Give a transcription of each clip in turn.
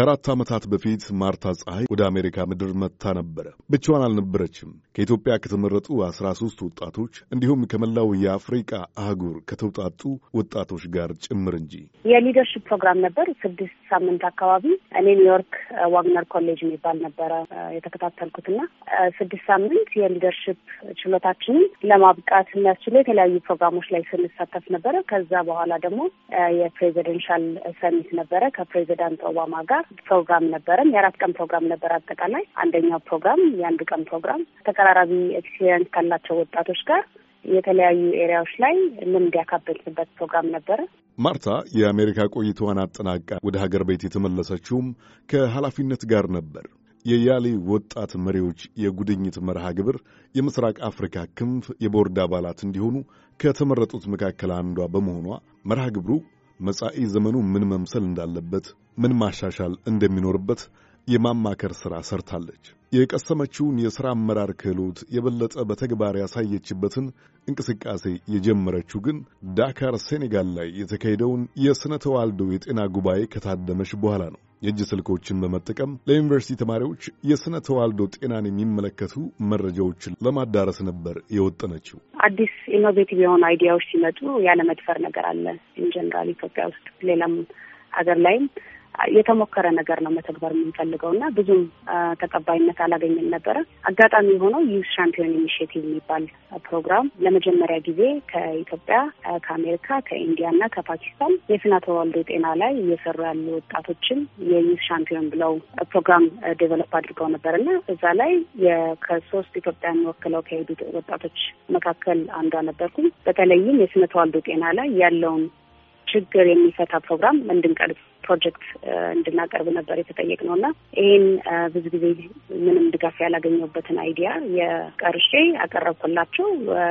ከአራት ዓመታት በፊት ማርታ ፀሐይ ወደ አሜሪካ ምድር መጥታ ነበረ። ብቻዋን አልነበረችም። ከኢትዮጵያ ከተመረጡ አስራ ሦስት ወጣቶች እንዲሁም ከመላው የአፍሪቃ አህጉር ከተውጣጡ ወጣቶች ጋር ጭምር እንጂ የሊደርሽፕ ፕሮግራም ነበር። ስድስት ሳምንት አካባቢ እኔ ኒውዮርክ ዋግነር ኮሌጅ የሚባል ነበረ የተከታተልኩትና ስድስት ሳምንት የሊደርሽፕ ችሎታችንን ለማብቃት የሚያስችሉ የተለያዩ ፕሮግራሞች ላይ ስንሳተፍ ነበረ። ከዛ በኋላ ደግሞ የፕሬዚደንሻል ሰሚት ነበረ ከፕሬዚዳንት ኦባማ ጋር ፕሮግራም ነበረን። የአራት ቀን ፕሮግራም ነበር አጠቃላይ። አንደኛው ፕሮግራም የአንድ ቀን ፕሮግራም ተቀራራቢ ኤክስፔሪንስ ካላቸው ወጣቶች ጋር የተለያዩ ኤሪያዎች ላይ ምን ያካበልንበት ፕሮግራም ነበረ። ማርታ የአሜሪካ ቆይታዋን አጠናቃ ወደ ሀገር ቤት የተመለሰችውም ከኃላፊነት ጋር ነበር። የያሌ ወጣት መሪዎች የጉድኝት መርሃ ግብር የምስራቅ አፍሪካ ክንፍ የቦርድ አባላት እንዲሆኑ ከተመረጡት መካከል አንዷ በመሆኗ መርሃ ግብሩ መጻኢ ዘመኑ ምን መምሰል እንዳለበት ምን ማሻሻል እንደሚኖርበት የማማከር ሥራ ሰርታለች። የቀሰመችውን የሥራ አመራር ክህሎት የበለጠ በተግባር ያሳየችበትን እንቅስቃሴ የጀመረችው ግን ዳካር ሴኔጋል ላይ የተካሄደውን የሥነ ተዋልዶ የጤና ጉባኤ ከታደመች በኋላ ነው። የእጅ ስልኮችን በመጠቀም ለዩኒቨርሲቲ ተማሪዎች የሥነ ተዋልዶ ጤናን የሚመለከቱ መረጃዎችን ለማዳረስ ነበር የወጠነችው። አዲስ ኢኖቬቲቭ የሆኑ አይዲያዎች ሲመጡ ያለመድፈር ነገር አለ ኢንጀነራል ኢትዮጵያ ውስጥ ሌላም ሀገር ላይም የተሞከረ ነገር ነው መተግበር የምንፈልገው እና ብዙም ተቀባይነት አላገኘም ነበረ። አጋጣሚ የሆነው ዩስ ሻምፒዮን ኢኒሽቲቭ የሚባል ፕሮግራም ለመጀመሪያ ጊዜ ከኢትዮጵያ፣ ከአሜሪካ፣ ከኢንዲያ እና ከፓኪስታን የስነ ተዋልዶ ጤና ላይ እየሰሩ ያሉ ወጣቶችን የዩስ ሻምፒዮን ብለው ፕሮግራም ዴቨሎፕ አድርገው ነበር እና እዛ ላይ ከሶስት ኢትዮጵያ የሚወክለው ከሄዱ ወጣቶች መካከል አንዷ ነበርኩኝ። በተለይም የስነ ተዋልዶ ጤና ላይ ያለውን ችግር የሚፈታ ፕሮግራም እንድንቀርጽ ፕሮጀክት እንድናቀርብ ነበር ነው እና ይህን ብዙ ጊዜ ምንም ድጋፍ ያላገኘበትን አይዲያ የቀርሼ አቀረብኩላቸው።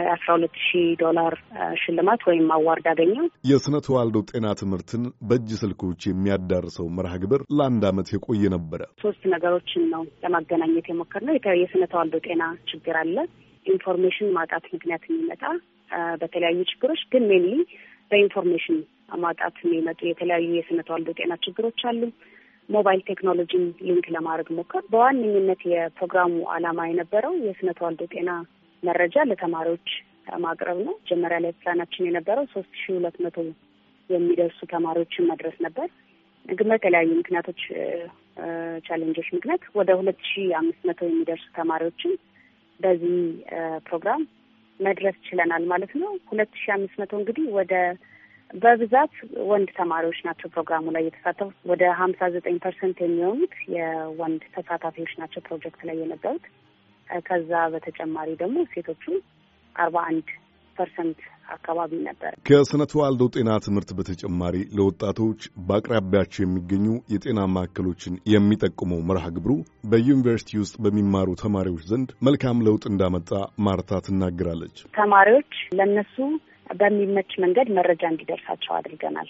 የአስራ ሁለት ሺ ዶላር ሽልማት ወይም አዋርድ አገኘው። የስነ ተዋልዶ ጤና ትምህርትን በእጅ ስልኮች የሚያዳርሰው መርሃ ግብር ለአንድ ዓመት የቆየ ነበረ። ሶስት ነገሮችን ነው ለማገናኘት የሞከርነው። የስነ ተዋልዶ ጤና ችግር አለ ኢንፎርሜሽን ማጣት ምክንያት የሚመጣ በተለያዩ ችግሮች ግን ሜንሊ በኢንፎርሜሽን ማጣት የሚመጡ የተለያዩ የስነ ተዋልዶ ጤና ችግሮች አሉ። ሞባይል ቴክኖሎጂን ሊንክ ለማድረግ ሞከር። በዋነኝነት የፕሮግራሙ ዓላማ የነበረው የስነ ተዋልዶ ጤና መረጃ ለተማሪዎች ማቅረብ ነው። መጀመሪያ ላይ ፕላናችን የነበረው ሶስት ሺ ሁለት መቶ የሚደርሱ ተማሪዎችን መድረስ ነበር። ግን በተለያዩ ምክንያቶች ቻሌንጆች ምክንያት ወደ ሁለት ሺ አምስት መቶ የሚደርሱ ተማሪዎችን በዚህ ፕሮግራም መድረስ ችለናል ማለት ነው። ሁለት ሺ አምስት መቶ እንግዲህ ወደ በብዛት ወንድ ተማሪዎች ናቸው ፕሮግራሙ ላይ የተሳተፉት። ወደ ሀምሳ ዘጠኝ ፐርሰንት የሚሆኑት የወንድ ተሳታፊዎች ናቸው ፕሮጀክት ላይ የነበሩት። ከዛ በተጨማሪ ደግሞ ሴቶቹ አርባ አንድ ፐርሰንት አካባቢ ነበር። ከስነ ተዋልዶ ጤና ትምህርት በተጨማሪ ለወጣቶች በአቅራቢያቸው የሚገኙ የጤና ማዕከሎችን የሚጠቁመው መርሃ ግብሩ በዩኒቨርሲቲ ውስጥ በሚማሩ ተማሪዎች ዘንድ መልካም ለውጥ እንዳመጣ ማርታ ትናገራለች። ተማሪዎች ለነሱ በሚመች መንገድ መረጃ እንዲደርሳቸው አድርገናል።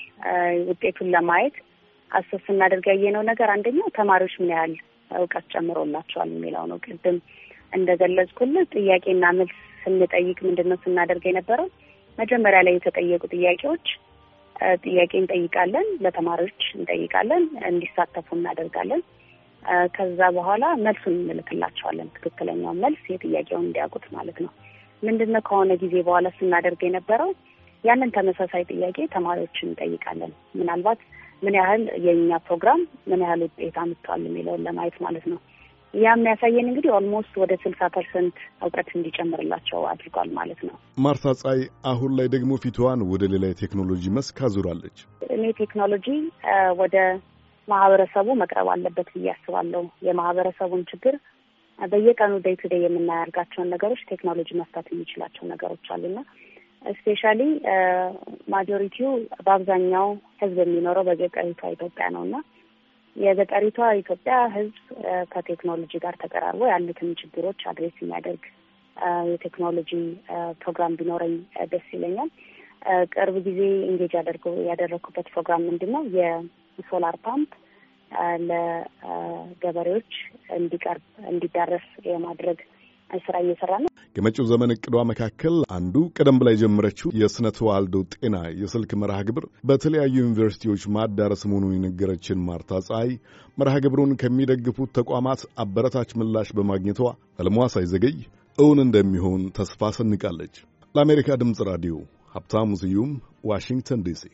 ውጤቱን ለማየት አሰስ ስናደርግ ያየነው ነገር አንደኛው ተማሪዎች ምን ያህል እውቀት ጨምሮላቸዋል የሚለው ነው። ቅድም እንደገለጽኩልህ ጥያቄና መልስ ስንጠይቅ ምንድን ነው ስናደርግ የነበረው መጀመሪያ ላይ የተጠየቁ ጥያቄዎች ጥያቄ እንጠይቃለን፣ ለተማሪዎች እንጠይቃለን፣ እንዲሳተፉ እናደርጋለን። ከዛ በኋላ መልሱን እንልክላቸዋለን። ትክክለኛው መልስ የጥያቄውን እንዲያውቁት ማለት ነው። ምንድነው ከሆነ ጊዜ በኋላ ስናደርግ የነበረው ያንን ተመሳሳይ ጥያቄ ተማሪዎችን እንጠይቃለን። ምናልባት ምን ያህል የእኛ ፕሮግራም ምን ያህል ውጤት አምጥቷል የሚለውን ለማየት ማለት ነው። ያ የሚያሳየን እንግዲህ ኦልሞስት ወደ ስልሳ ፐርሰንት እውቀት እንዲጨምርላቸው አድርጓል ማለት ነው። ማርታ ጻይ አሁን ላይ ደግሞ ፊትዋን ወደ ሌላ የቴክኖሎጂ መስክ አዙራለች። እኔ ቴክኖሎጂ ወደ ማህበረሰቡ መቅረብ አለበት ብዬ አስባለሁ። የማህበረሰቡን ችግር በየቀኑ ደይ ቱ ደይ የምናያርጋቸውን ነገሮች ቴክኖሎጂ መፍታት የሚችላቸው ነገሮች አሉና እስፔሻሊ ማጆሪቲው በአብዛኛው ህዝብ የሚኖረው በገጠሪቷ ኢትዮጵያ ነው እና የገጠሪቷ ኢትዮጵያ ህዝብ ከቴክኖሎጂ ጋር ተቀራርቦ ያሉትን ችግሮች አድሬስ የሚያደርግ የቴክኖሎጂ ፕሮግራም ቢኖረኝ ደስ ይለኛል። ቅርብ ጊዜ እንጌጅ ያደረግኩበት ፕሮግራም ምንድን ነው? የሶላር ፓምፕ ለገበሬዎች እንዲቀርብ እንዲዳረስ የማድረግ ስራ እየሰራ ነው። የመጪው ዘመን እቅዷ መካከል አንዱ ቀደም ብላ የጀመረችው የስነ ተዋልዶ ጤና የስልክ መርሃ ግብር በተለያዩ ዩኒቨርሲቲዎች ማዳረስ መሆኑን የነገረችን ማርታ ፀሐይ መርሃ ግብሩን ከሚደግፉት ተቋማት አበረታች ምላሽ በማግኘቷ ሕልሟ ሳይዘገይ እውን እንደሚሆን ተስፋ ሰንቃለች። ለአሜሪካ ድምፅ ራዲዮ ሀብታሙ ስዩም ዋሽንግተን ዲሲ